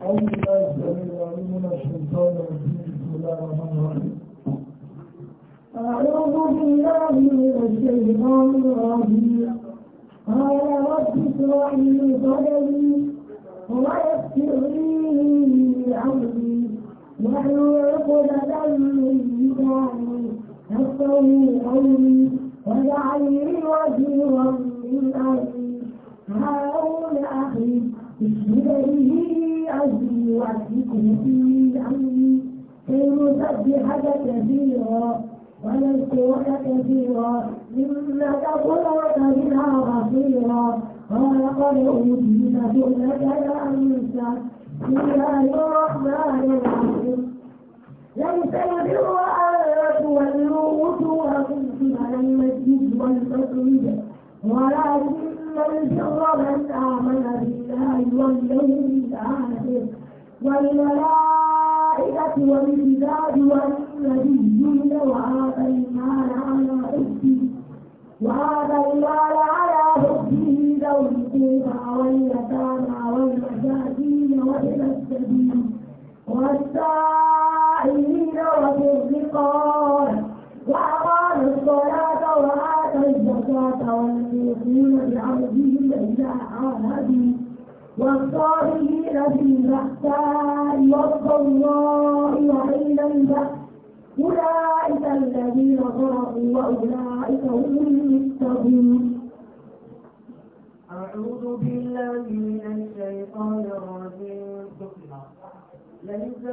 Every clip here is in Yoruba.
أعوذ بالله السميع العليم من الشيطان الرجيم بسم الله الرحمن الرحيم أعوذ بالله من الشيطان الرجيم قال رب اشرح لي صدري ويسر لي أمري واحلل عقدة من لساني يفقه قولي واجعل لي وزيرا من أهلي هارون أخي اشهد به عزي وأهلكم في أمري كي نسبحك كثيرا ونذكرك كثيرا إنك كنت بنا بصيرا قال قد أوتيت سؤلك يا موسى بسم الرحمن الرحيم ليس البر أن تولوا وجوهكم قبل المسجد والمسجد ولكن من شر من آمن بالله واليوم الآخر والملائكة والكتاب والنبيين وآتى المال على حبه وآتى المال على حبه ذوي القربى واليتامى والمساكين وابن السبيل والسائل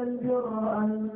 البر أن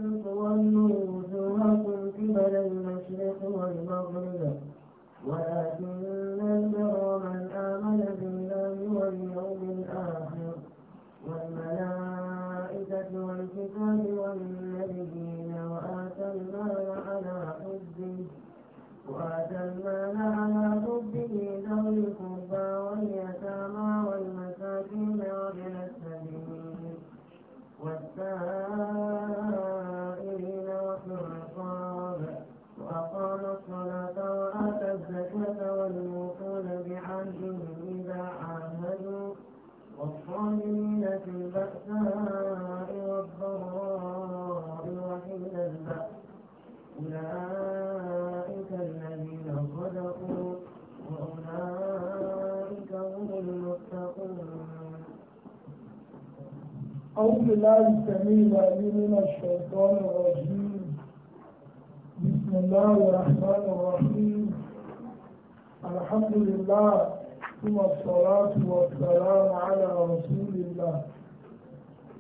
أعوذ بالله السميع العليم من الشيطان الرجيم بسم الله الرحمن الرحيم الحمد لله ثم الصلاة والسلام على رسول الله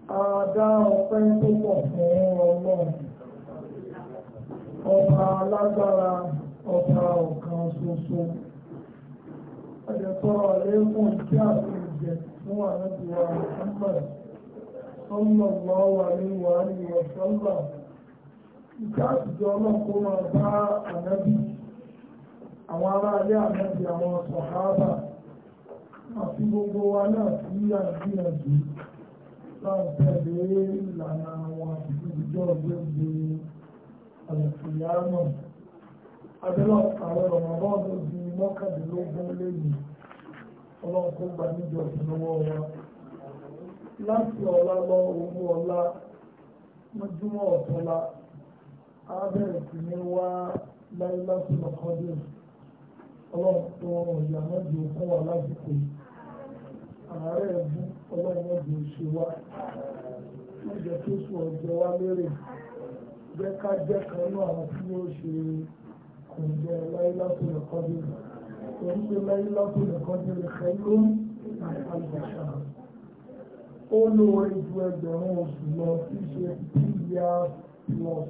أداء طيب وفهم الله ọba alágbára ọba ọ̀kan ṣoṣo ẹ̀dẹ̀tọ́ àlékún tí a ti jẹ fún àrẹ́bíwá Muhammad sọ́nà mọ́ wà ní wà ní ọ̀sọ́nà ìkáàtìjọ ọlọ́pọ̀ máa bá ànábì àwọn ará alẹ́ ànábì àwọn sọ̀hábà àti gbogbo wa náà sí àgbìyànjú láǹtẹ̀lé ìlànà àwọn àtìjọ́ gbogbo àlẹ́fìyàmọ̀ adélọ́ àwọn ọ̀rọ̀ ọ̀dọ́ di níjọ ìlọ́wọ́ wa láti ọ̀la lọ òun ọ̀la mọ́júmọ́ ọ̀tọ́la á bẹ̀rẹ̀ sí ní wá láyé láti lọ́kọ́dé ọlọ́run tó rọrùn ìyá mọ́jú fún wa lásìkò ààrẹ ẹ̀bùn ọlọ́run mọ́jú ṣe wá mọ́jọ tó sùn ọjọ́ wa lérè jẹ́ ká jẹ́ kan náà àwọn tí ó ṣe kò jẹ́ láyé láti lọ́kọ́dé torí pé láyé láti lọ́kọ́dé rẹ̀ kẹ́ ló ń àfàlùfàṣà ó lóore ju ẹgbẹ̀rún oṣù lọ tí ṣe pr plus.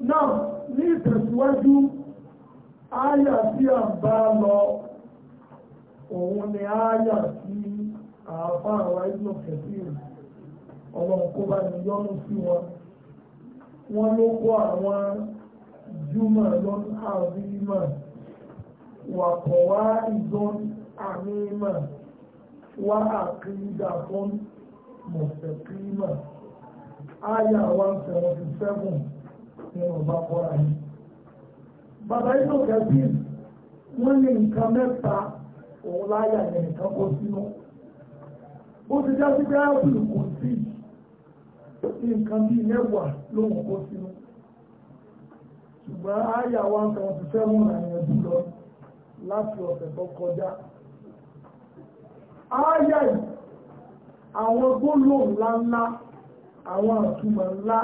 náà ní ìtẹ̀síwájú áyà tí a bá lọ òun ni áyà tí àáfà àwa ìlú kẹfìrì ọlọ́run kó bá ní yọ́nú sí wọn wọ́n ló kó àwọn júmọ̀ lọ́nà àrímọ̀ wàkọ̀wá ìdán àmì mọ̀ wá àkídà fún mọ̀sẹ̀kímà áyà 177 ní ọba kọ́ra yìí bàbá inú kẹfì wọ́n ní nǹkan mẹ́ta òun láyà ní nǹkan kó sínú ó ti já sí dáàbìlì kò sí nǹkan bíi mẹ́wàá lóhun kó sínú ṣùgbọ́n áyà 177 àyẹ̀dù lọ láti ọ̀sẹ̀ tó kọjá ááyà yìí àwọn gbólò ńláńlá àwọn àtúmọ̀ ńlá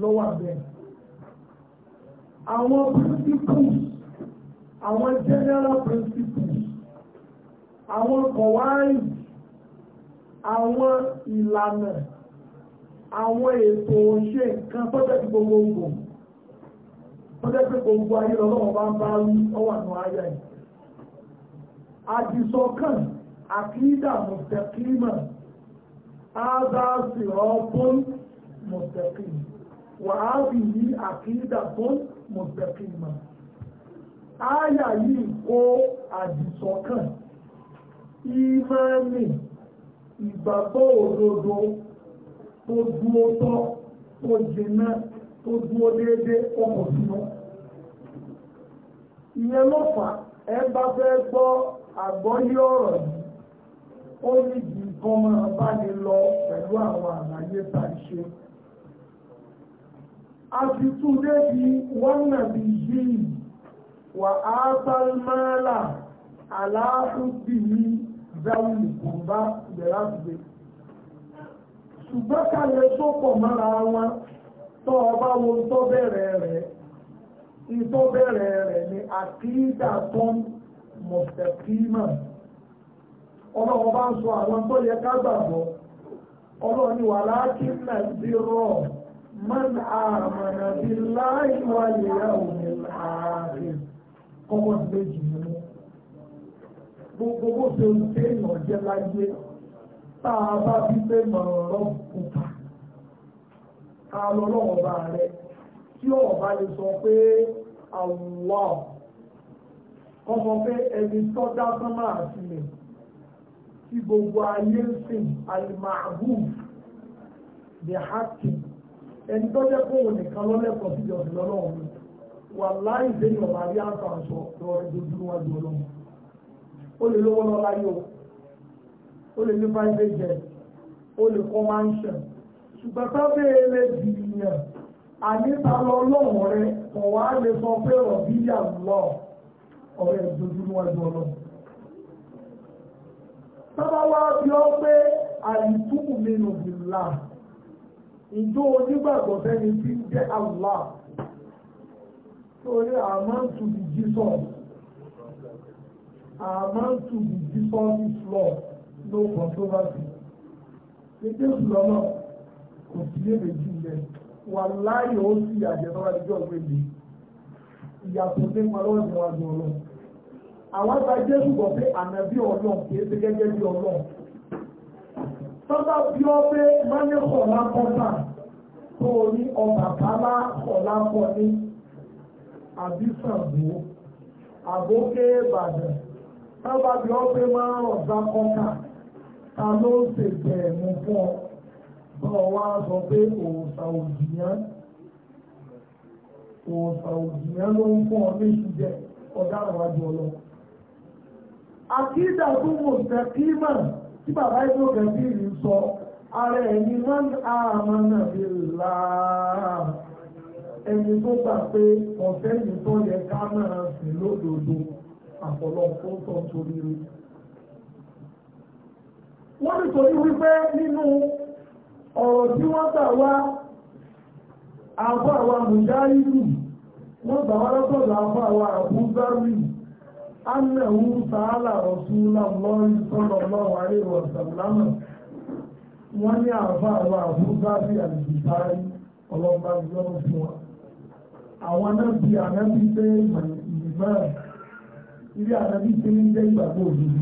lọ́wọ́ àbẹ̀ àwọn principles àwọn general principles àwọn kọ̀wáì àwọn ìlànà àwọn ètò òṣè nǹkan tọ́jọ́ ti gbogbogbò tọ́jọ́ pé gbogbo ayé lọ́wọ́ bá ń bá rí ọwà nù ayé yìí àdìsọ́kàn àkídà mùsẹ̀kìmọ̀ ábáàsì ọ̀bùn mùsẹ̀kìmọ̀ wàhálì yìí àkídà tún mùsẹ̀kìmọ̀ áyà yìí kó àdìsọ́kàn ìmánì ìgbàgbọ́ òdodo tó dúó tọ́ tó jìnnà tó dúó déédé ọkọ̀ sínú ìyẹn ló fà ẹ bá fẹ́ gbọ́ àgbọ́yé ọ̀rọ̀ yìí ó ní ìdí kan máa bá ní lọ pẹ̀lú àwọn àlàyé tá a ṣe a ti tún débi wọ́n nàbí yìí wà á bá mọ́lá aláàbùbìyí dáwùlì kò bá ìbẹ̀rẹ̀ àgbẹ̀ ṣùgbọ́n kalẹ̀ tó pọ̀ mọ́ra wọn tó ọba wo tó bẹ̀rẹ̀ rẹ̀ ìtọ́ bẹ̀rẹ̀ rẹ̀ ni àkídà tó mọ̀tẹ̀kímọ̀ ọlọ́run bá ń sọ àwọn tó yẹ ká gbàgbọ́ ọlọ́run ni wà láti nà sí rọ man àmàna bí láì wà lè yá òun láàrin kọ́kọ́ ti méjì nínú gbogbo bó ṣe ń pé èèyàn jẹ́ láyé tá a bá bí pé mọ̀rọ̀ pupa ká lọ lọ́wọ́ bá rẹ tí ọ̀bá lè sọ pé àwọ̀ kọ́ sọ pé ẹni tó dá sánmà àti ilẹ̀ tí gbogbo ayé ń sìn alimahabub the hakim ẹni tó jẹ́ pé òun nìkan lọ́lẹ́kọ̀ọ́ sí ìjọsìn lọ́lọ́run mi wà láì sẹ́yìn ọ̀bà rí àǹfà sọ lọ ìdójú níwájú ọlọ́run ó lè lówó lọ láyé o ó lè ní fáìlì jẹ ó lè kọ́ máa ń ṣẹ̀ ṣùgbọ́n sábẹ́ lè di ìyàn àníta lọ lọ́wọ́ rẹ kọ̀ wá lè sọ pé ọ̀bí yà lọ ọ̀rẹ́ ìdójú níwájú ọlọ́run tọ́bá wá bí ó pé àìtúkù nínú bìlá ìjó onígbàgbọ́ sẹ́ni tí ń jẹ́ Allah torí àmáǹtù bí Jesus àmáǹtù bí Jesus is law no controversy ní jésù lọ́nà kò sí lébe jù lẹ wà láyé ó sì àjẹsọ́ra ìjọ ìwé mi ìyàtọ̀ nípa lọ́wọ́ ìwádìí ọlọ́run àwọn ẹgbẹ́ jésù gbọ́ pé ànábì ọlọ́run kì í ṣe gẹ́gẹ́ bí ọlọ́run tọ́lá bí ó pé mánìkọ̀ lápọ́tà tó o ní Ọbàtálá ọ̀làpọ̀ ní àbísàgbó àbókè ìbàdàn tọ́lá bí ó pé máa ń ọ̀dà kọ́kà ta ló ń ṣètò ẹ̀mú fún ọ bọ́ọ̀ wá sọ pé òòṣà òjìyàn òòṣà òjìyàn ló ń fún ọ ní ìṣújẹ ọ̀daràn wájú ọlọ́run àkídà tó wò tẹ̀kímà tí bàbá ìgbò gẹ̀ẹ́bí rí sọ ara ẹni wọ́n àmàna bí láà ẹni tó gbà pé ọ̀fẹ́ yìí tó yẹ ká máa sì lódodo àpọ̀lọpọ̀ tó torí rí wọ́n ti torí wípé nínú ọ̀rọ̀ tí wọ́n gbà wá àbọ̀ àwọn àmùjá ìlú wọ́n gbà wá lọ́sọ̀rọ̀ àbọ̀ àwọn àbúgbárì annahu ta'ala rasulullahi sallallahu alaihi wa sallam wọ́n ní àfà àwọn àfúgbáfí àdìgbàrí ọlọ́gbà ìjọba fún wa àwọn anábì anábì pé ìgbà ilé anábì pé ń jẹ́ ìgbàgbọ́ òdodo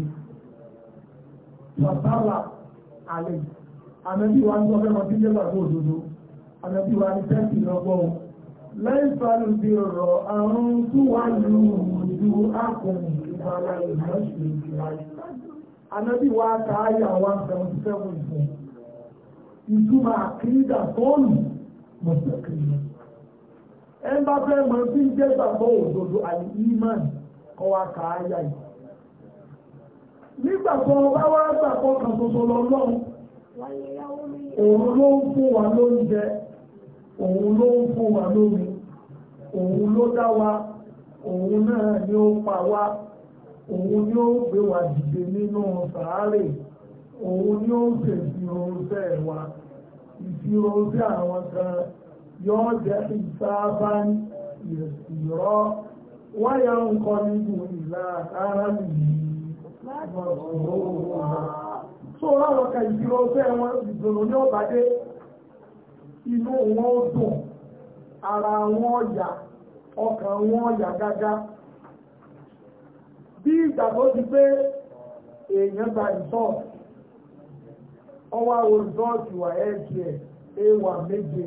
pàtàlà àlè anábì wa ń gbọ́ fẹ́ mọ́tí jẹ́ ìgbàgbọ́ òdodo anábì wa ní tẹ́sì lọ́gbọ́n lẹ́yìn sáré ti rọ̀ àrùn tó wà nínú ìlú akọni ìgbàlá ìmọ̀ọ́sì ìgbàlá. Anábì wa ta àyà one seventy seven fún ìtumọ̀ àkírídà tóòlù mọ̀sẹ̀kìrì. Ẹ bá fẹ́ mọ sí ń jẹ́ gbàgbọ́ òdodo àti iman kọ́ wa ka àyà yìí. Nígbà tó ọba wá gbàgbọ́ kan lọ Òun ló ń fún òun náà ni ó pa wá òun ni ó gbé wa dìde nínú sàárè òun ni ó ṣe ìfiránṣẹ́ wa ìfiránṣẹ́ àwọn kan yóò jẹ́ ìsáábá ìrọ̀ wáyà ń nínú ìlà ara nìyí so láwọn kan ìfiránṣẹ́ wọn ìdùnnú ní ọ̀bàdé inú wọn dùn ara wọn ọ̀yà ọkàn wọn yà gágá bí ìgbà ti pé èèyàn gba ìsọ́ọ̀tì ọwọ́ àwọn rìsọ́ọ̀tì wà ẹ́ẹ̀kẹ́ wà méje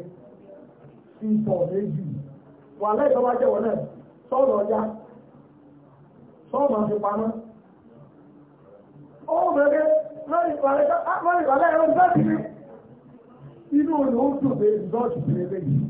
sí ìtọ̀ méjì wà lẹ́ẹ̀kọ́ jẹ́ jẹ́wọ́ náà ọjà sọ́ọ̀mọ̀ ti pamọ́ ó bẹ̀rẹ̀ lọ́rìnlọ́rẹ́ ẹ̀rọ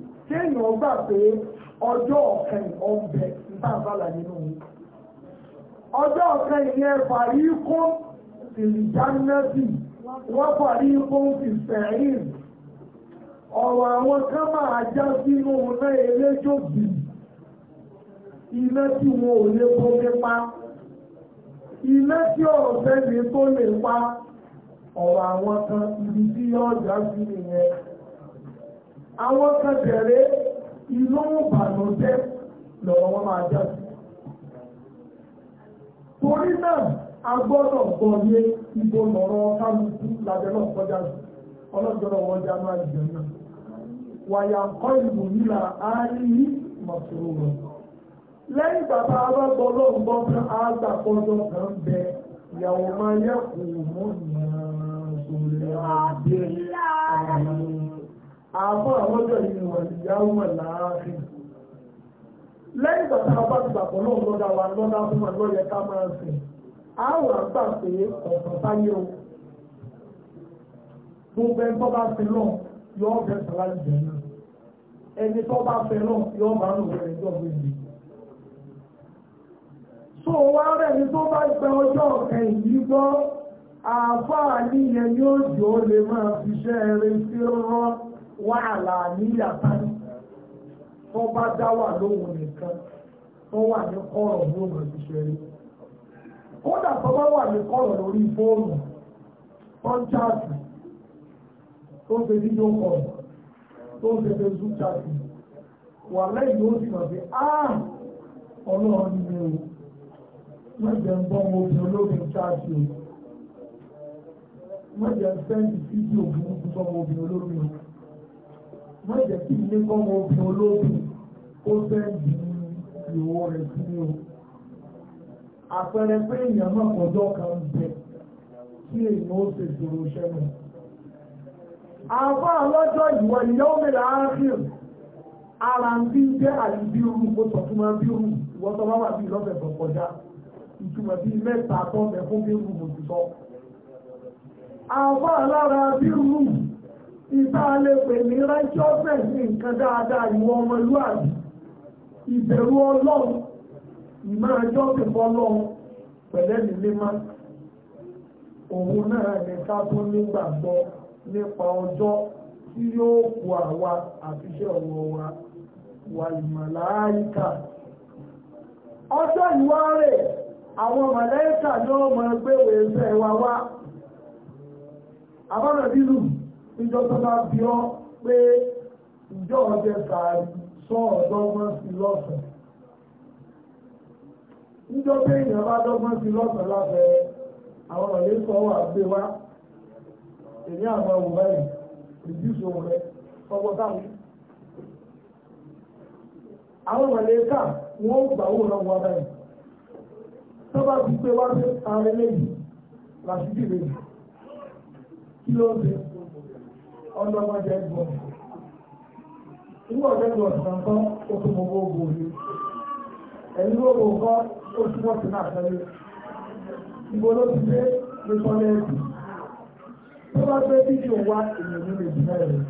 kéèyàn gbà pé ọjọ́ ọ̀kan ọ̀bẹ nípa àbálà nínú mi ọjọ́ ọ̀kan ìyẹn fàrí kó ìlìjánẹ́sì wọ́n fàrí kó ìfẹ̀yìn ọ̀rọ̀ àwọn kan máa já sínú iná eléjò bì iná tí wọn ò lè bó nípa iná tí ọ̀sẹ̀ ní tó lè pa ọ̀rọ̀ àwọn kan ibi tí yọ̀ọ́ já sí nìyẹn àwọn kan jẹ̀rẹ̀ inú ìbànújẹ́ lọ́wọ́ wọn máa jáde torí náà a gbọ́dọ̀ gbọ́yé ibo lọ́rọ̀ kálukú lábẹ́ náà kọjá ọlọ́jọ́rọ̀ wọn já máa jẹun náà wàyà ńkọ́ ìlú nílà áárí mọ̀tòrò rẹ̀ lẹ́yìn bàbá alágbọ́ lọ́rùn bọ́ fún àgbàpọ̀jọ kan bẹ ìyàwó máa yẹ kò mọ́ ìyàrá sórí àdé àárín àbọ̀ àwọ́jọ́ yìí wọ̀n ti yá ọmọ láàáfin lẹ́yìn tàbí àbá ti gbàgbọ́ náà lọ́dà wa lọ́dà fún wọn lọ́yẹ ká máa sìn àwọn àgbà pé ọ̀sán sáyé o gbogbo ẹni tó bá fi lọ yọ ọ̀fẹ́ sàlàyé jẹ náà ẹni tó bá fẹ́ lọ yọ ọ̀bà ń lò rẹ̀ ẹjọ́ méjì tó wá rẹ̀ ni tó bá gbẹ ọjọ́ ẹ̀yìn gbọ́ àfáà níyẹn yóò jọ lè máa fi ṣẹ́ ẹrẹ sí rán wà àlàáníyà báyìí tó bá dá wà lóhun nìkan tó wà ní kọ́rọ̀ ní òun ti ṣeré kódà tó bá wà ní kọ́rọ̀ lórí fóònù kọ́ńtàkì tó ń ṣe fídíò kọ̀ọ̀nù tó ń ṣe facebook chatting wà lẹ́yìn ó sì mọ̀ sí áà ah, ọlọ́run ni o mọ̀jẹ̀ ń bọ́ wọn obìnrin olóbìn chatting o mọ̀jẹ̀ ń sẹ́ndì fídíò burúkú bọ́ wọn obìnrin olóbìn o má jẹ́ kí ilé kọ́mọ obìnrin olóògùn kó sẹ́ẹ̀dì ìwọ rẹ̀ sí ní o. àpẹẹrẹ pé èèyàn náà kọjọ́ kan bẹ̀ kí èèyàn ó ṣe ìṣòro iṣẹ́ mi. àbá ọlọ́jọ́ ìwọ ìyá omi là á rí o ara ń bí jẹ́ àìbírú mo sọ fún máa bírú ìwọ́n tó bá wà bí ìlọ́fẹ̀ẹ́ tó kọjá ìtumọ̀ bíi mẹ́ta tó mẹ́fún bírú mo ti sọ. àbá alára bírú. ìta lè pè ní righteousness ní nǹkan dáadáa ìwọ ọmọlúwàbí ìbẹ̀rù ọlọ́run ìmọ̀ ẹjọ́ ti bọ́ lọ́run pẹ̀lẹ́ ní mímá òun náà ní ká tún nígbàgbọ́ nípa ọjọ́ tí yóò àwa ọ̀rọ̀ wa wà ìmọ̀láyíkà ọjọ́ ìwárè àwọn mọ̀lẹ́kà ni mọ̀ wa wá abọ́nà níjọ tó bá bí ọ pé ìjọ ọjẹ sàárì sọ ọdọgbọn sí lọ́sàn níjọ pé èèyàn bá dọ́gbọ́n sí lọ́sàn lábẹ́ àwọn ọ̀rẹ́ sọ wà gbé wá èyí àwọn ọmọ báyìí ìdíṣò rẹ ọgbọ́n táwọn àwọn mọ̀lẹ́kà wọ́n gbà wò lọ wọ́n báyìí tó bá ti pé wá sí ààrẹ lẹ́yìn làṣíjì lẹ́yìn kí ló ń bẹ̀rẹ̀ ọlọ́mọdé gbọ́. Inú ọ̀dẹ́ gbọ́ ọ̀sán kan ó tún mọ gbogbo òní. Ẹ̀yìn ló wò kọ́ ó tún wọ́n ti náà sẹ́lẹ̀. Ìbò ló ti dé ní kọ́lẹ́ẹ̀dì. Tó bá gbé fídíò wá èèyàn nínú ìdílé rẹ̀.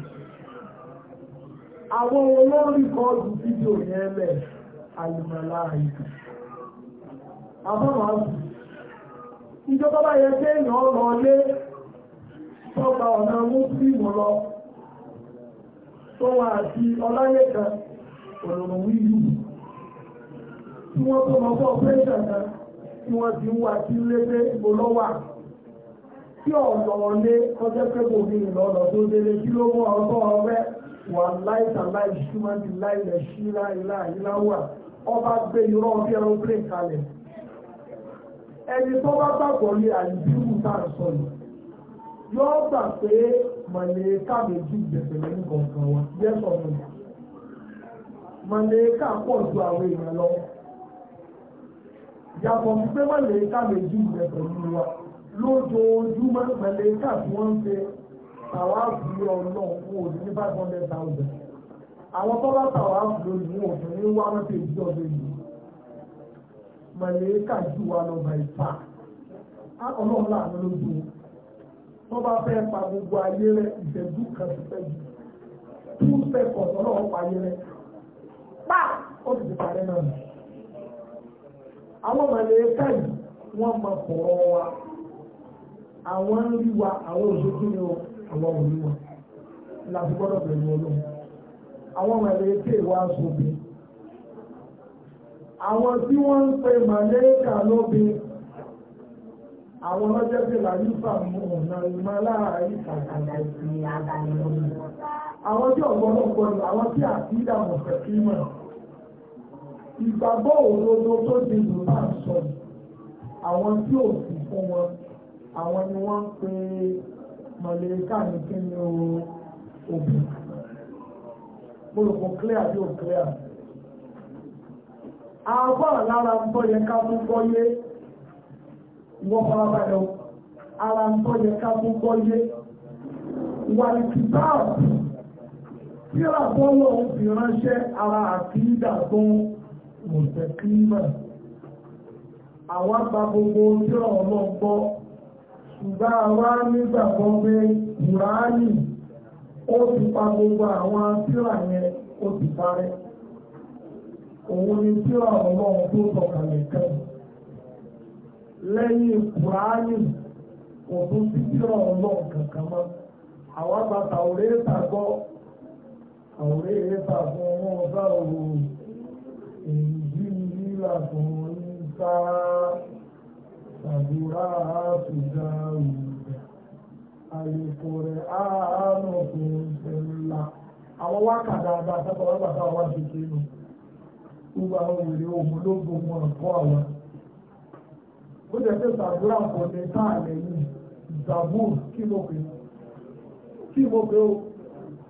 Àwọn olórí kọ́ọ̀dù fídíò yẹn lẹ̀ àlùmọ̀lá àìkà. Àbáwọn àbù. Ìjọba bá yẹ kéèyàn lọ lé tó gba ọ̀nà múslímù lọ tó wà àti ọláyẹ̀kan ọ̀rọ̀rọ̀ wíyù tí wọ́n tó lọ fọ́ pẹ́ṣẹ̀ kan tí wọ́n ti ń wà kí lédè olówà tí ọ̀lọ́ lé ọjọ́ pẹ́kọ̀ mi ìlọ́lọ́ tó délé kí ló mú ọgbọ́ ọgbẹ́ wà láìta láì ṣúmọ́ ní láìlẹ̀ sí láìlá ìláwà ọba gbé irọ́ bí ẹran pé kalẹ̀ ẹni tó bá gbàgbọ́ lé àìbíkù tá à ń yóò gbà pé mọ̀lẹ́ká méjì gbẹ̀sẹ̀ lẹ́nu kọ̀ọ̀kan wa yẹ́sọ̀ mi mọ̀lẹ́ká pọ̀ ju àwọn èèyàn lọ yàtọ̀ sí pé mọ̀lẹ́ká méjì gbẹ̀sẹ̀ lẹ́nu wa lójoojúmọ́ mọ̀lẹ́ká tí wọ́n ń ṣe tàwa àbúrò ọlọ́run fún òdì ní five hundred thousand àwọn tó bá tàwa àbúrò ní òdì ní one hundred thousand yìí mọ̀lẹ́ká ju wa lọ bàyìí fà á ọlọ́run láàánú lójú wọn tó bá fẹ́ pa gbogbo ayé rẹ̀ ìṣẹ́jú kan ti fẹ́ jù two seconds ọlọ́run pa ayé rẹ̀ pa ó sì ti parẹ́ náà nù. àwọn mọ̀lẹ́ká yìí wọ́n mọ kọ̀ọ̀rọ̀ wa àwọn ń rí wa àwọn òṣèlú ni ó àwọn òní wa láti gbọ́dọ̀ bẹ̀rù ọlọ́run àwọn mọ̀lẹ́ká ìwà aṣọ obìnrin àwọn tí wọ́n ń pe mọ̀lẹ́ká lóbìnrin àwọn ọlọ́jọ́ tí là ní fàmù ọ̀nà ìmọ̀ láàárín ìtàkàlà ìsìn àbàlẹ̀ omi. Àwọn tí ọ̀gbọ́nọ́gbọ́ ni àwọn tí àfídà mọ̀fẹ́ sí mọ̀. Ìgbàgbọ́ òdodo tó di ìlú náà sọ àwọn tí ò sì fún wọn àwọn ni wọ́n ń pe mọ̀lẹ́ká ní kí ni òbí. Mo rò kò clear bí ò clear. Àwọn lára ń bọ́ yẹ ká mú bọ́yé wọ́n fara balẹ̀ o ara ń tọ́ yẹ ká tún gbọ́ yé wàlìkìtáàbù tíra bọ́lọ̀ ń fi ránṣẹ́ ara àkídà tó ń mọ̀tẹ́kímọ̀ àwọn àgbà gbogbo tíra ọlọ́gbọ́ ṣùgbọ́n àwa nígbàgbọ́ pé kùránì ó ti pa gbogbo àwọn tíra yẹn ó ti parẹ́ òun ni tíra ọlọ́run tó sọ̀kalẹ̀ kẹ́yìn lẹ́yìn kùránì kò tún sí kíra ọlọ́run kankan mọ́ àwọn àgbàtà òré tàgbọ́ òré tàgbọ́ wọn ọ̀gá òru èyí nílà fún níta tàbúrà àtúgà òrùka àyèkò rẹ̀ àánú kò ṣẹlá àwọn wákàtà àgbàtà àwọn àgbàtà àwọn àṣekè nù gbogbo àwọn òrè òmùlógbò wọn kọ́ àwọn bó jẹ́ pé sàdúrà bọ̀ ní táàlẹ̀ yìí ìgbàgbọ́ kí ló pé kí mo pé ó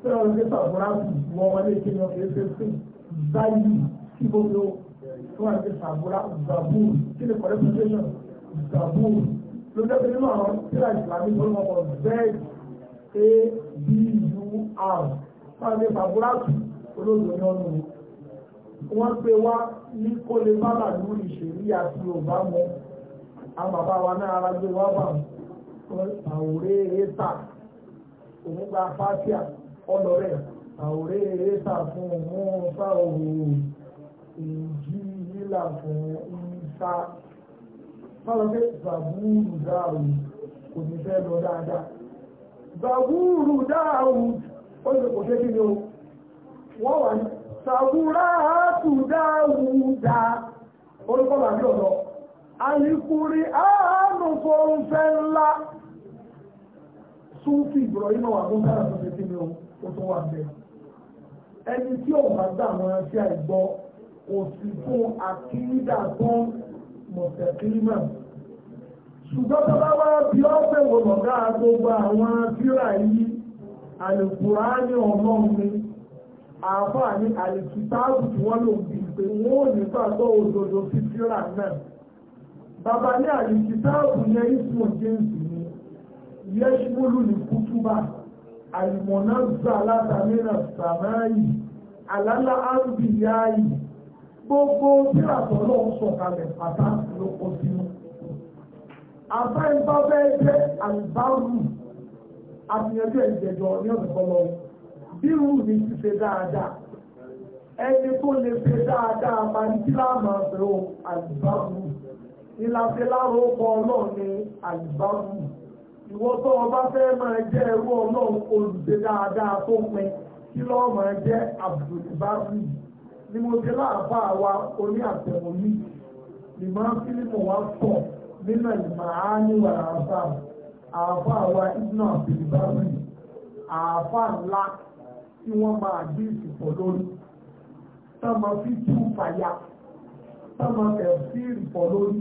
fẹ́ ọ ní sàdúrà bì wọ́n wọn lè kí ni ọkẹ́ ṣe sí báyìí kí mo pé ó fún àti sàdúrà ìgbàgbọ́ kí ni qualification ìgbàgbọ́ ló jẹ́ pé nínú àwọn tíra ìsìlámì tó ń wọ́pọ̀ a b u r fún àti sàdúrà bì olóògbé ní ọdún wọ́n pé wá ní kó lè bá bàdúrà ìṣèlú àti òbá mọ́ àwọn bàbá wa náà ara gbé wá bà àwòrẹ́ ẹ̀ẹ́ta òun gba fásíà ọlọ́rẹ̀ àwòrẹ́ ẹ̀ẹ́ta fún òun fa òwò èjì yílà fún ìsá fọlọ́ pé zàbúrù dáàrù kò ní fẹ́ lọ dáadáa zàbúrù dáàrù ó lè kò ṣe kí ni o wọ́n wà ní sàbúrà tù dáàrù dáa orúkọ màbí ọ̀dọ́ àlìkúrí àánú fọ́nfẹ́ ńlá súnfì Ibrahim wà tó sára tó tẹ́tí ni ó tó wà bẹ́ẹ̀ ẹni tí ò bá dà wọn sí àìgbọ́ òsì fún àkíńdà tó mọ̀tẹ́kírímà ṣùgbọ́n tó bá wá bí ó fẹ́ wò lọ́gá gbogbo àwọn tíra yìí àlìkúrá ní ọ̀nà mi àáfàá ní àlìkítàbù tí wọ́n lò bí pé wọ́n ò ní pàtó òdodo sí tíra náà bàbá ní àyíkí táàbù yẹn ìsúnmọ̀ james ni yẹ́ṣmúlù ní kútúbà àìmọ̀nà zà látàmínà sàmáyì àlálà áńbì yáàyì gbogbo tí àtọ̀lọ́ ń sọ̀kalẹ̀ pátá ló kọ sínú afẹ́ńbá bẹ́ẹ̀ jẹ́ àlùbárù àtìyànjú ìjẹjọ ní ọ̀dọ̀ kọlọ́ bírù ní ṣíṣe dáadáa ẹni tó lè ṣe dáadáa máa ń kí láàmà pẹ̀lú àlùbárù ìlàfẹ́láàrò ọkọ̀ ni àlùbáwù ìwọ tó o bá fẹ́ máa jẹ́ ẹrú ọlọ́run olùdé dáadáa tó pin kí lọ́ọ́ máa jẹ́ àbùdùbáwù ni mo ti láàbá wa oní àtẹ̀wò yìí ìmọ̀ fílímù wa pọ̀ nínú ìmọ̀ àánúwà àfà àfà wa ìdúnà àbùdùbáwù àfà ńlá tí wọ́n máa dí ìsìnkú lórí tọ́mọ fi tú fàyà tọ́mọ tẹ̀ sí ìrìpọ̀ lórí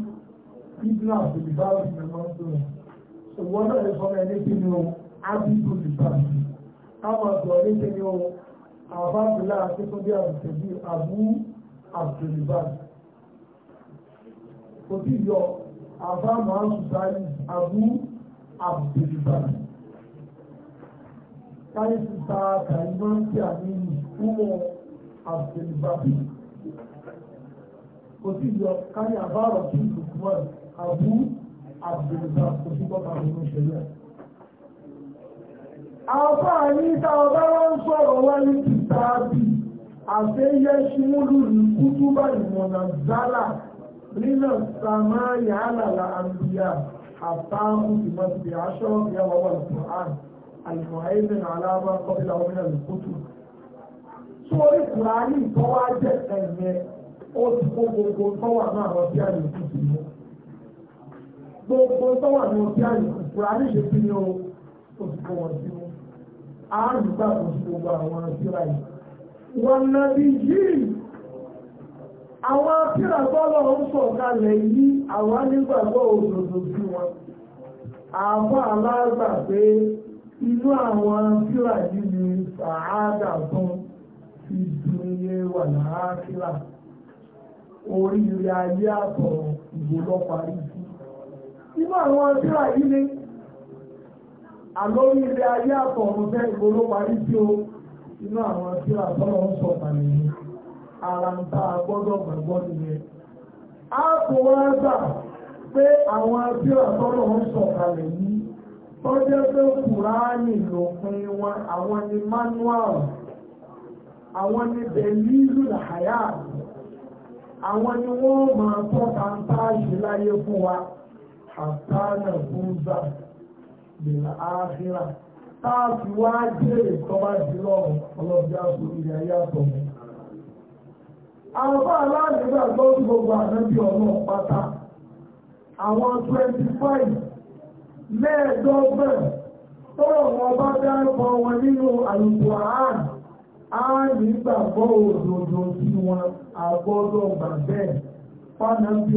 the bíbélà àti báwọn ìgbà máa ń sọ̀rọ̀ ṣùgbọ́n náà ẹ̀fọ́ náà ní kí ni o ábíbù ti pàṣẹ káwọn àgbọ̀ ní So ni o àbábìlà àti kọ́bí àbùtẹ̀bí àbú àbùtẹ̀lìbà kò tí yọ àbá máa ń sùtáyì àbú àbùtẹ̀lìbà táyì ti ta kàìmọ́ sí àmì ìfúnmọ́ àbùtẹ̀lìbà kò tí yọ káyà bá rọ̀ sí ìlú kúmọ̀rì àbú àbùdá òṣìkọ́ta òṣìkọ́ ìṣẹ̀lẹ̀. Àwọn àní ìta ọ̀bá wá ń sọ̀rọ̀ wá ní títà bí àfẹ́yẹ́ ṣúmúlù kútú bá ìmọ̀nà zálà nínà sàmáyà alàlà àmìyà àtàkùn ìmọ̀sí aṣọ ìyàwó wà lọ́pọ̀ àn àìmọ̀ àìmọ̀ aláàbá kọ́bílà ọmọdé lùkútù. Sórí Kùránì tó wá jẹ́ ẹ̀yẹ ó ti kó gbogbo tó wà náà lọ sí àyè òkútù yìí. gbogbo tọ́wà ní ojú àyè ìfura ní ìṣe kíni o ó ti wọn sínú ààrùn gbà gbogbo àwọn yìí. wọn yìí àwọn ń yìí àwọn òdòdó sí wọn. àwọn inú àwọn yìí ni sàádà tún fi dùn wà oríire ayé sí. Inu àwọn ọjọ́ yìí ni àlórí ilé ayé àtọ̀ ọ̀run fẹ́ parí tí ó inú àwọn ọjọ́ àtọ́lọ́ ń sọ tàbí ní ara ń ta gbọ́dọ̀ gbàgbọ́ nìyẹn a kò wá gbà pé àwọn ọjọ́ àtọ́lọ́ ń sọ tàbí tó jẹ́ pé kùránì lòpin wọn àwọn ni manual àwọn ni bẹ̀lílù làyà àwọn ni wọ́n máa ń tá fún wa. àtàánà gúnzà bìlà áhírà táàfì wá jèrè kọ́bá ọlọbịa lọ́rùn ọlọ́bí ayé àwọn aláàdúgbà tó gbogbo ànábì ọ̀nà pátá àwọn twenty five mẹ́ẹ̀ẹ́dọ́gbọ̀n tọ́rọ̀ wọn bá dárúkọ wọn nínú àlùkò òdòdó wọn fánàbí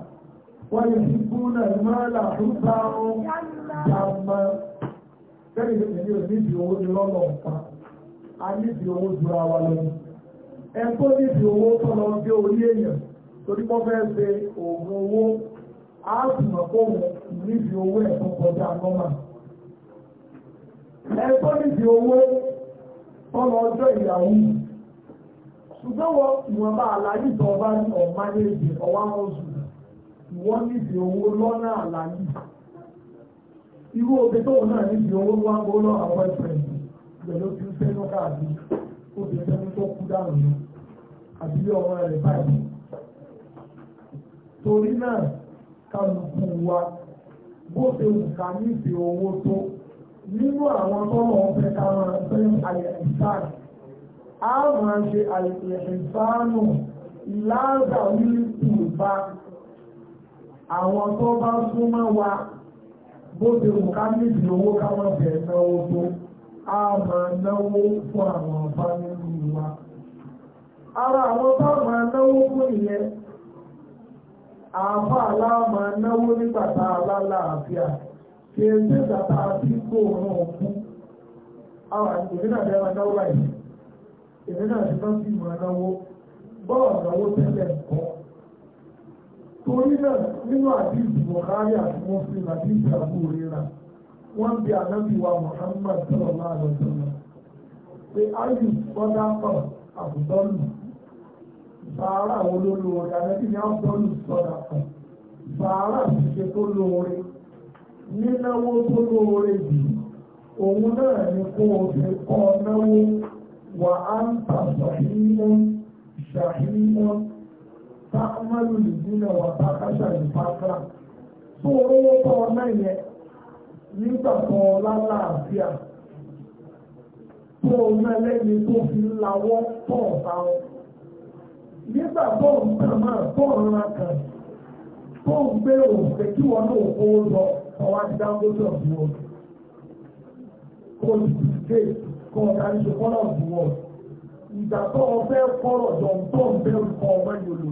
wọ́n yẹ kí kú náà máa là ń bá ọ jàmá kẹ́lì tó tẹ̀lé òní ìdí owó ní lọ́nà ọ̀pá a ní ìdí owó jura wa lọ ẹ tó ní ìdí owó tó lọ gbé orí èèyàn torí wọ́n fẹ́ ṣe oògùn owó a sì mọ̀ pé òun ní ìdí owó ẹ̀ tó kọjá nọ́mà ẹ tó ní ìdí owó tó ọjọ́ ìyàwó ṣùgbọ́n wọn ìwọ̀nba àlàyé ìtọ́ ọba ní ọ̀ma wọ́n níbi owó lọ́nà àlàyé irú obe tó wọ́n náà níbi owó wá ń gbóná àwọn ẹ̀fẹ̀ pẹ̀lú tí ó sẹ́nu káàdì obìnrin sẹ́nu tó kú dànù ní àbílẹ̀ ọmọ rẹ̀ báyìí torí náà kálukú wa bó ṣe wù ká níbi owó tó nínú àwọn tọ́lọ̀ ọ̀fẹ́ ká máa fẹ́ àyẹ̀ ìsáàdì a máa ṣe àyẹ̀ ìsánù ìlàáza onílùkù bá àwọn tó bá súnmọ́ wa bó ti wù ká níbi owó káwọn bẹ̀ náwó tó a máa náwó fún àwọn ọba nínú wa ara àwọn bá máa náwó fún ìyẹn àbá aláàmà náwó nígbàtà alálàáfíà kí é ṣe ìgbàtà àti kó ràn ọ̀kú àwọn ìrìnà dẹ́ra náwó láì ìrìnà ìrìnà sí máa náwó torí náà nínú àdìsí Bukhari àti Muslim àdìsí Abu Hurairah wọ́n bí ànábì wa Muhammad sallallahu alaihi wasallam pé ayù sọ́dá kan àbùdọ́lù sàárà olólùwọ̀n ànábì ní àbùdọ́lù sọ́dá kan sàárà ṣiṣẹ́ tó lóore nínáwó tó lóore jù òun náà ni kó o fi kọ́ náwó wà á ń tà sàhímọ́ sàhímọ́ tákùmálù nìdínà wà tákàṣà ìfàkàrà tó owó tọ́ ọ náà yẹ nígbà tó lálàáfíà tó náà lẹ́yìn tó fi lawọ́ tọ̀ ọ̀tá ọ nígbà tó ń tàn máa tó ń ra kàn tó ń gbé òfin kí wọn náà kó lọ ọwọ́ àti dáńgọ́tì ọ̀dùn wọn kó lè kọ́ ọ̀tá ní ṣe kọ́lá ọ̀dùn wọn ìgbà tó ọ fẹ́ kọ́rọ̀ jọ̀ ń tó ń bẹ́ẹ̀ kọ́ ọmọ yòlò.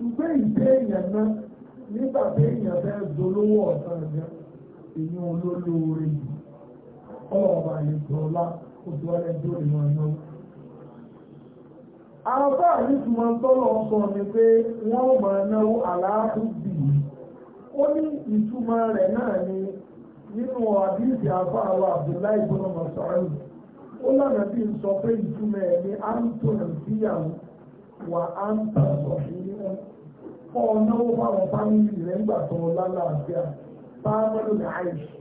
ṣùgbẹ́ ìdé èèyàn náà nígbà tí èèyàn fẹ́ dolówó ọ̀sán ẹ̀jẹ̀ èyí olólóore ọ̀ọ̀bà ètò ọlá oṣù ìwọ̀n náà. Àwọn tọ́lọ̀ ni pé wọ́n máa náwó àlàáfù bì í. Ó ní ìtumọ̀ rẹ̀ náà ni nínú Ó lànà bí sọ wà á ń tàbọ̀ nínú fọ́ náwó fáwọn fámìlì rẹ̀ ń lálàáfíà ní àìsí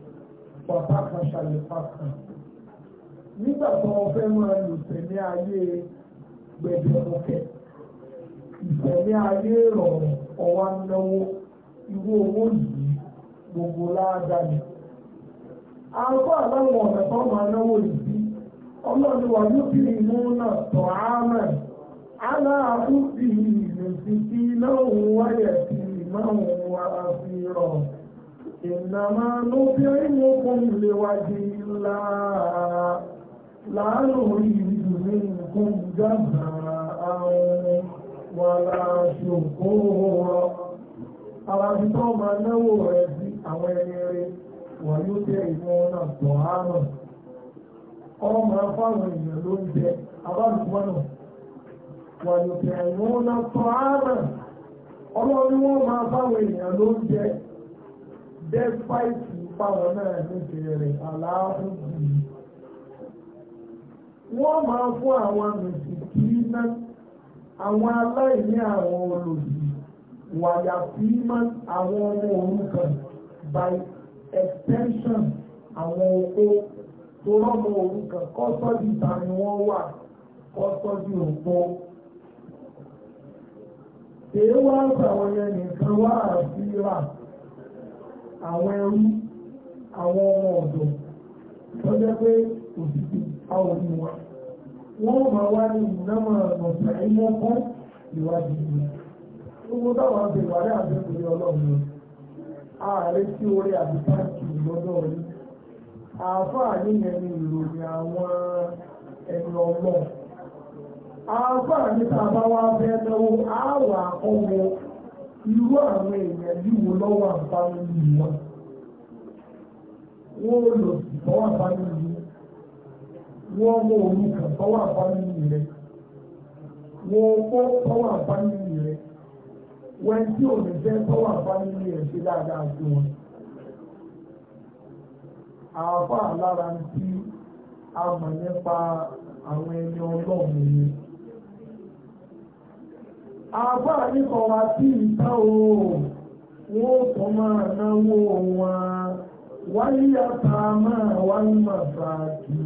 pàpà kan ṣàlẹ̀ pàpà nígbà tó wọ́n fẹ́ máa lò tẹ̀lé ayé gbẹ̀dẹ̀mọ̀kẹ́ ìtẹ̀lé ayé rọ̀rùn ọ̀wá náwó irú owó yìí gbogbo àwọn máa náwó yìí ọlọ́run wà على حبه مسكينا ويتيما وأسيرا إنما نطعمكم لوجه الله لا نريد منكم جزاء ولا شكورا àwọn àbítọ́ ọmọ náwó rẹ̀ sí àwọn ẹni rẹ̀ wọ́n yóò tẹ́ wàlùfẹ̀ ìwọ̀n náà tọ́ ààrẹ ọlọ́ni wọ́n máa báwọn èèyàn ló ń jẹ despite ìpàwọ̀ náà ní bẹ̀rẹ̀ aláàbùn wọ́n máa fún àwọn mẹ̀sìkì náà àwọn aláìní àwọn olòdì wàyà fíìmà àwọn ọmọ òrukàn by extension àwọn oko tó rọ́mọ òrukàn kọ́sọ́dì ta ni wọ́n wà kọ́sọ́dì òpó èé wá àtàwọn yẹn nìkan wá àfíra àwọn ẹrú àwọn ọmọ ọ̀dọ̀ tó jẹ́ pé òṣìṣẹ́ àwọn òní wa wọ́n máa wá ní ìnámọ̀ ọ̀sẹ̀ ìmọ̀kọ́ ìwádìí yìí gbogbo táwọn àti ìwádìí àti ìpínlẹ̀ ọlọ́run ààrẹ tí orí àti táǹkì lọ́dọ̀ rí àáfàá yìnyẹn ní ìròyìn àwọn ẹni ọlọ́run àbá nípa bá wá fẹ́ náwó àwọ̀ àkọ́wọ́ irú àwọn èèyàn yíwo lọ́wọ́ àǹfààní wa wọ́n lò bọ́wọ́ àǹfààní yìí wọ́n mọ òrùka bọ́wọ́ àǹfààní yìí wọ́n kọ́ bọ́wọ́ àǹfààní yìí wọ́n tí ò ní fẹ́ bọ́wọ́ àǹfààní yìí ṣe dáadáa sí wọn. àbá lára ń tí a mọ̀ nípa àwọn ẹni àbá nípa wa sí ìta oòrùn wọ́n tó máa náwó wọn wáyé yàtà máa wáyé màtàkì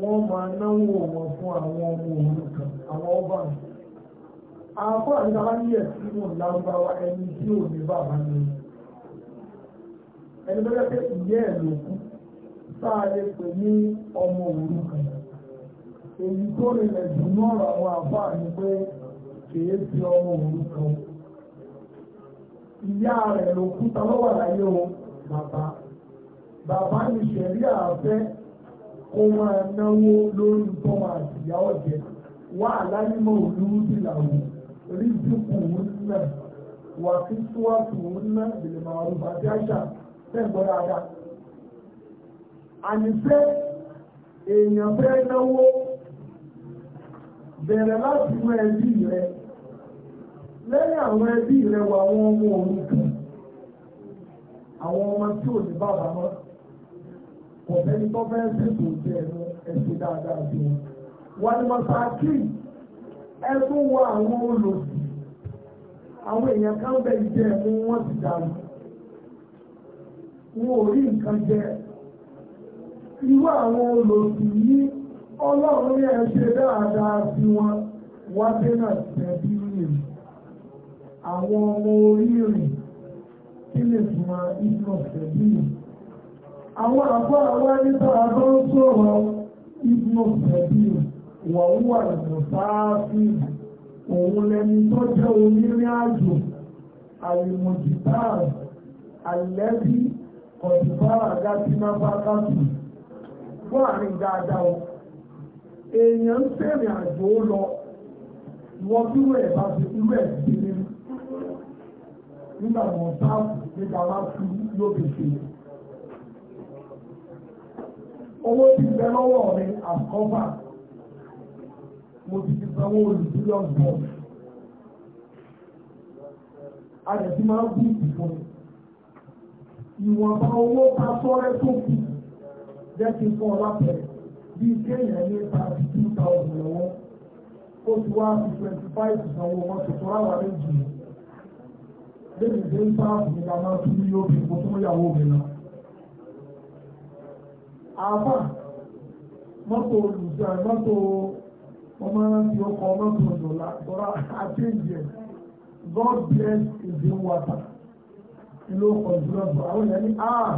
wọ́n máa náwó wọn fún àwọn ọmọ òrukàn àwọn ọba àbá ìjọba ní ẹ̀sìn ìlú lágbára ẹni tí ò ní bàbá ní ẹni tó lẹ́pẹ́ ìyẹ́ ẹ̀ ló kú sáà lè pè ní ọmọ òrukàn èyí tó rìnlẹ̀ jù náà àwọn àbá ní pé kìí sí ọmọ òun kan ìyá rẹ̀ ló kú ta láyé o bàbá bàbá ní ìṣẹ̀lí àfẹ́ kó máa náwó lórí tọ́mọ àti ìyá ọ̀jẹ̀ wà láyémọ̀ olúrúdì làwọn rídìkù náà wà sí síwájú náà lè máa rú bàbá àṣà tẹ́gbọ́n dáadáa. àníṣe èèyàn fẹ́ náwó bẹ̀rẹ̀ láti mú ẹbí rẹ̀. lẹ́yìn àwọn ẹbí rẹ̀ wà àwọn ọmọ kan àwọn ọmọ tí ò ní bàbá mọ́ ọ̀fẹ́ tó fẹ́ ṣètò ìjẹ́ ẹ̀nu ẹ̀ṣẹ̀ dáadáa sí wọn. ní ẹ̀sùn wọ àwọn àwọn èèyàn ẹ̀mú wọn ti dàrú wọn ò rí nǹkan irú àwọn yìí ọlọ́run àwọn ọmọ orílẹ̀ kí lè túnmọ̀ ìfọ̀sẹ̀ I àwọn àpá àwọn nípa àbọ́ sọ̀rọ̀ ìfọ̀sẹ̀ bíi wọ̀n wà ìmọ̀sáàfì òun lẹni tó jẹ́ onírìn àjò àìmọ̀jìtáà àìlẹ́bí kọ̀dùbára gátí má bá kátù fún àárín dáadáa o èèyàn ń sẹ́rìn àjò ó lọ wọ́n dúró ẹ̀ bá ti nígbà wọn báàkù nígbà wá sí lóbi ṣe owó ti bẹ lọ́wọ́ mi àkọ́fà mo ti ti sanwó olùdílọ̀ bọ́ọ̀lù a lè fi máa ń bí ìdìbò ìwọ̀nba owó ta sọ́rẹ́ tó kù jẹ́ kí n fọ́ lápẹ̀rẹ̀ bíi kéèyàn ní thirty two thousand lọ́wọ́ ó ti wá sí twenty five ìsanwó wọn tuntun láwọn méjì lẹ́yìn tó ń sáàbù ní ọmọ tó ní ó fi kún fún ìyàwó mi lọ. Àfà mọ́tò olùsẹ̀ mọ́tò ọmọ rántí ọkọ̀ mọ́tò òjòlá tọ́ra àtẹ́jì ẹ̀ God bless is in water. Ilé ọkọ̀ ìjọba bọ̀ àwọn èèyàn ní ah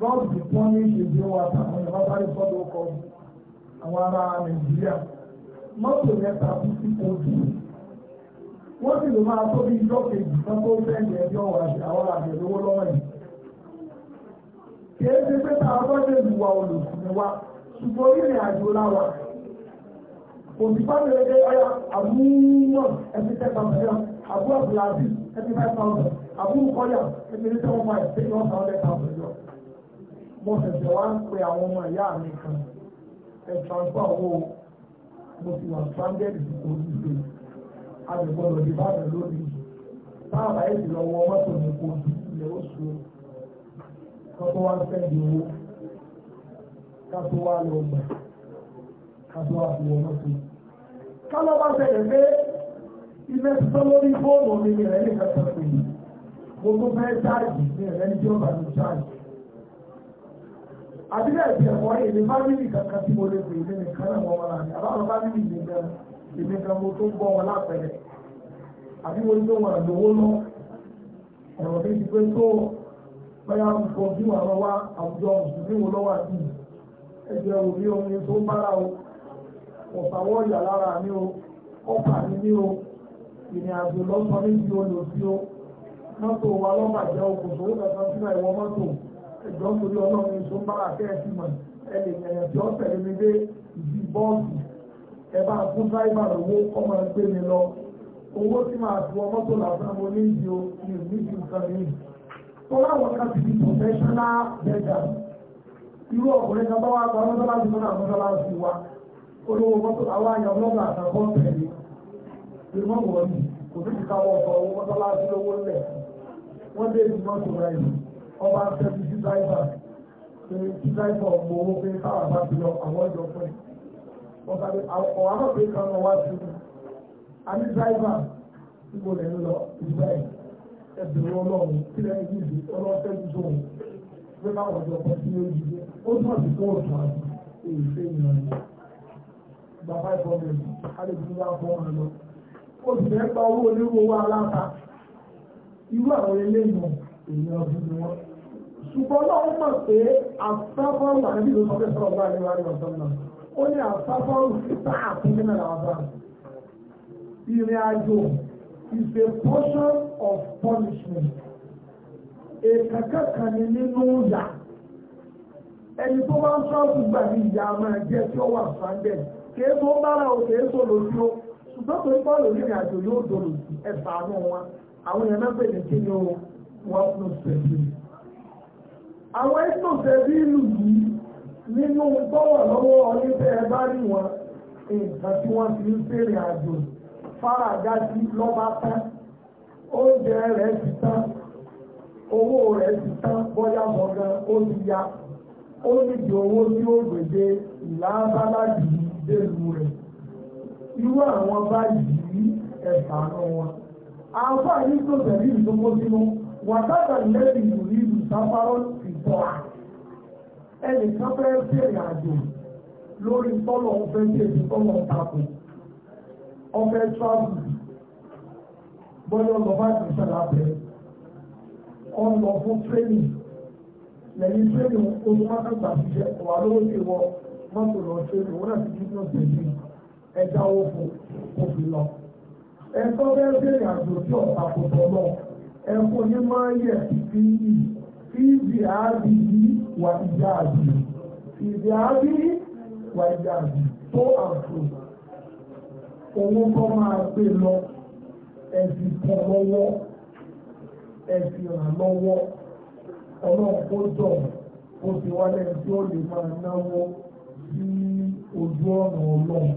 God be punish is in water. Àwọn èèyàn bá bá rí fọ́dọ̀ ọkọ̀ àwọn ará Nàìjíríà. Mọ́tò yẹn tàbí sí ojú wọ́n sì lè máa tó bí lọ́kèjì kan tó fẹ́ẹ̀lì ẹjọ́ àwọn àgbẹ̀lówó lọ́wọ́ yìí kìí ṣe pé táwọn gbọ́dọ̀ ìwà olùsìn wa ṣùgbọ́n orílẹ̀ àjò láwa òṣìṣẹ́ pẹ̀lẹ́gẹ́ ọ̀yà àbúrò ẹ̀sìn tẹ́ta ọ̀sẹ̀ àbúrò àbúrò ẹ̀sìn five thousand àbúrò kọ́yà ẹ̀sìn seven five three one thousand thousand yọ. mo ṣẹ̀ṣẹ̀ wá ń pe àwọn ọmọ ìyá mi kan ẹ̀ transfer owó mo sì wà stranded ìdìbò ìgbè àgbẹ̀gbọ́dọ̀ di báyìí lónìí táàbà èsì lọ́wọ́ mọ́tò ní kò sí ilẹ̀ oṣù kátó wá ń fẹ́ẹ̀dì owó kátó wá lọ gbà kátó wá fi wọ́n mọ́tò. kálọ́ bá ṣẹlẹ̀ pé ilé títọ́ lórí fóònù mi ni ẹ̀rẹ́ nìkan tó pè mí mo tún fẹ́ ṣáàjì ní ẹ̀rẹ́ ní tí ó bá mi ṣáàjì. àbílẹ̀ ẹ̀sìn ẹ̀kọ́ èmi fámìlì kankan tí mo lè pè mí nìkan náà wọ́n wà láàrin àbáwọn fámìlì mi gan èmi gan mo tó gbọ́ wọn lápẹ̀rẹ̀ àbí wọ́n tó wọ́n àdówó lọ ẹ̀rọ bí ti pé tó báyà nǹkan bí wọ́n lọ wá àwùjọ mùsùlùmí wọn lọ́wọ́ àti ẹgbẹ́ òbí omi tó ń bára o ọ̀pàwọ́ ọ̀yà lára mi o ọ̀pà mi ní o ìrìn àjò lọ́sọ níbi olùsí o mọ́tò wa lọ́bàjẹ́ okòtò ó kẹta sínú ẹ̀wọ̀ mọ́tò ẹ̀jọ́ nítorí ọlọ́run tó ń bára kẹ́ẹ̀sì mọ̀ ẹ lè yẹ̀yẹ̀ tí ó tẹ̀lé mi dé ìdí bọ́ọ̀sì ẹ bá fún dráìbà lówó ọmọ ẹgbẹ́ mi lọ owó tí máa fi ọmọ tó lásán mo ní ìdí o ní ìlú ìdí nǹkan mi ti di professional beggar irú ọkùnrin kan bá wá gba mọ́tọ́láṣí mọ́nà mọ́tọ́láṣí wa olówó mọ́tò àwọn àyàn lọ́gbà àtàkọ́ tẹ̀lé ìmọ̀ kò sí owó lẹ̀ ọba ń sí sí ọmọ owó pé káwà bá ti àbí dráìvà níbo lẹ́nu lọ ìgbà ẹ̀ ẹ̀bẹ̀rẹ̀ ọlọ́run kí lẹ́yìn kí ìdí ọlọ́fẹ́ ti tó pé káwọn ọjọ́ kan sí méjì ó tún àti fún ọ̀tún àti èyí fẹ́ ìrìn àjò bàbá ìfọ́ mi alẹ́kùnrin bá fọ́ wọn lọ ó sì fẹ́ gba owó onírúurú aláta irú àwọn eléyìí èyí ọdún ni wọ́n ṣùgbọ́n lọ́wọ́ mọ̀ pé àtàfọ́ọ̀lù àti ìlú sọ́kẹ́sọ̀rọ̀ bá ní wàá ní ọ̀sán náà ó ní àtàfọ́ọ̀lù sí sáà fún mímẹ́lá ọ̀sán ìrìn àjò is a portion of punishment èkàkàkà ni nínú ìyà ẹni tó bá ń sọ́ọ̀tù gbà ní ìyà máa jẹ́ tí ó wà sáńdẹ̀ kìí tó bára o kìí tó lójú o ṣùgbọ́n tó ń bọ́ lórí ìrìn àjò yóò dòlù sí ẹ̀fà àánú wọn àwọn èèyàn náà pèlè kí ni wọ́n fún ṣẹ̀bí àwọn ẹ̀sùn ṣẹ̀bí ìlú yìí nínú tọ́wọ̀ lọ́wọ́ ọ nípa bá rí wọn nǹkan tí wọ́n fi ń fèrè àjò yìí fáradásí lọ́ba tán oúnjẹ rẹ̀ ti tán owó rẹ̀ ti tán bọ́yá mọ̀gán ó ti ya ó nídìí owó tí ó gbèdé ìlàbáládì délùú rẹ̀ irú àwọn báyìí ẹ̀sánú wọn àwọn àyè tó tẹ̀lé ìdókó sínú wàtàkà lẹ́yìn ìlú ìlú sáfárọ́ ìtọ́ à ẹnìkan fẹ́ bẹ̀rẹ̀ àjò lórí tọ́lọ̀ ń fẹ́ bí èsì tọ́lọ̀ ń takùn ọmọ ẹ̀tọ́ọ̀bù bọ́yọ̀ lọ bá ti sọ̀rọ̀ abẹ́ ọ̀n lọ fún training lẹ́yìn training oṣù mọ́kànlá ṣiṣẹ́ wà lówó ti wọ mọ́tò lọ training wọ́n àti business pẹ̀lú ẹja owó fún òfin lọ. ẹ̀tọ́ bẹ́ẹ̀ bẹ́ẹ̀ àjò tí ọ̀tà kò tọ̀ lọ ẹ̀kọ́ ní máa yẹ fi ìdí àbí yìí wà ìyá àbí ìdí àbí wà ìyá àbí tó àǹfọ̀ọ́ owó kọ́ máa gbé lọ ẹ̀sìn tẹ̀ lọ́wọ́ ẹ̀sìn ràn lọ́wọ́ ọlọ́run kó jọ kó ti wálé tí ó lè máa náwó sí ojú ọ̀nà ọlọ́run.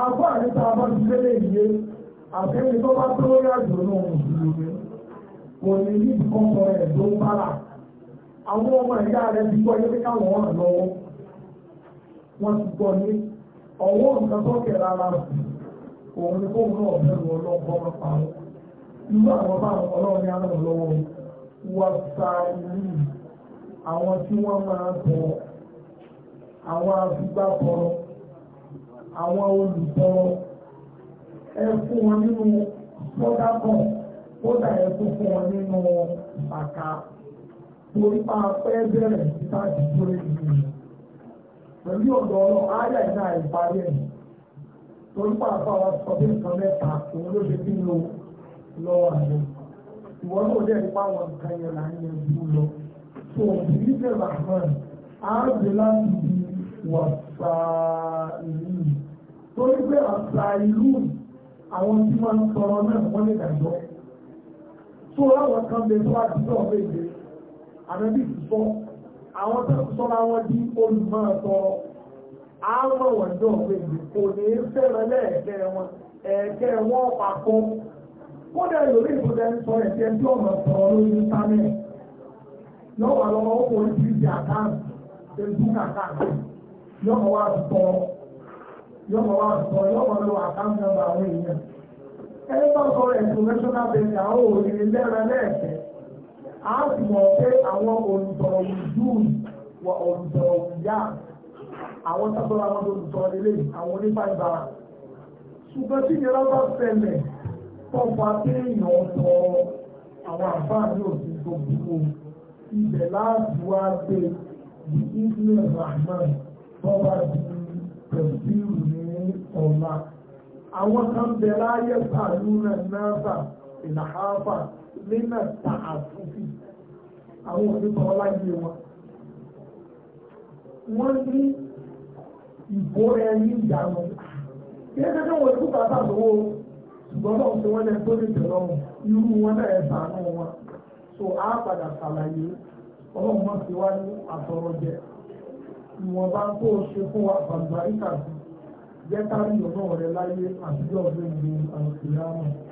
àbọ̀ àríta bá ti lélẹ̀ yìí àbẹ́rẹ́ tó bá tó lórí àjò náà mùsùlùmí kò ní ní ìkọ́kọ̀ rẹ̀ tó ń bára àwọn ọmọ ìyá rẹ̀ ti gbọ́ yẹ́ pé káwọn wà lọ́wọ́ wọ́n ti gbọ́ ní ọwọ́ nǹkan tó kẹ̀rẹ̀ ara òun ni kóun náà bẹ̀rù ọlọ́pọ̀ ọlọ́pàá wọn irú àwọn bá àwọn ọlọ́run ní àwọn lọ́wọ́ wà sa ìlú àwọn tí wọ́n máa bọ̀ àwọn afigbábọ̀rọ̀ àwọn olùbọ̀rọ̀ ẹ fún wọn nínú sọ́dákọ̀ kódà ẹ tún fún wọn nínú àká torí pa pẹ́ bẹ̀rẹ̀ títà ìjọ ìlú pẹ̀lú ọ̀dọ̀ ọlọ́ ayé ìná ìparí ẹ̀ torípa àfáwà sọ bí nǹkan mẹ́ta òun ló ṣe bí lo lọ́wọ́ àná ìwọ náà dẹ̀ nípa àwọn nǹkan yẹn là ń yẹn dúró lọ tó ìdílé rahman ààbò láti di wàsá ìlú torí pé àṣà ìlú àwọn tí wọ́n ń sọ̀rọ̀ náà wọ́n lè dàgbọ́ tó láwọn kan bẹ tó àdúgbò ọ̀bẹ ìgbé àbẹ́bí ìfọ́ àwọn tó ń sọ́ra wọn di olùmọ̀ ọ̀tọ̀ àwọn wọ̀nyí ọ̀gbìn kò ní fẹ́ràn lẹ́ẹ̀kẹ́ wọn ẹ̀ẹ̀kẹ́ wọn pàkó kódà lórí ìfúnjẹ ń sọ ẹ̀kẹ́ tí ọmọ sọ̀rọ̀ lórí íńtánẹ̀tì lọ́wọ́ lọ́wọ́ ó kò ní ti di àkáǹtì facebook àkáǹtì yọmọ wa sọ yọmọ wa sọ yọmọ lọ àkáǹtì nọ́mbà àwọn èèyàn ẹ bá sọ ẹ̀sùn national bank àwọn òòyìn lẹ́ran lẹ́ẹ̀kẹ́ á mọ̀ pé àwọn olùsọ̀rọ̀ ìlú wọ olùsọ̀rọ̀ ìyá àwọn sábọ́ra wọn olùsọ̀rọ̀ ilé àwọn onípa ìbára ṣùgbọ́n tí ìyẹn lọ́gbà fẹlẹ̀ pọ̀pọ̀ àtẹ́yìn ọ̀tọ̀ àwọn àbáà ní òsì tó burú ibẹ̀ láti wá gbé the evening rahman bọ́bá di pẹ̀lú ní ọ̀la àwọn kan bẹ̀ láyé pàlú náà náà ìlàháfà nínà ta àfúfì àwọn ònípa ọláyé wọn wọ́n ní ìbò ẹni ìyàwó kí ẹgbẹ́ tó wọ́n tó bàtà lówó ṣùgbọ́n náà tí wọ́n lẹ tó lè tẹ̀lọ́ irú wọn náà ẹ̀sà náà wọn so a padà ṣàlàyé ọlọ́run náà fi wá ní àtọrọjẹ ìwọ̀nba tó ṣe fún wa bàbá ìkàtì jẹ́ ká rí ọ̀nà rẹ̀ láyé àtijọ́ ọdún ìlú àti ìyá náà.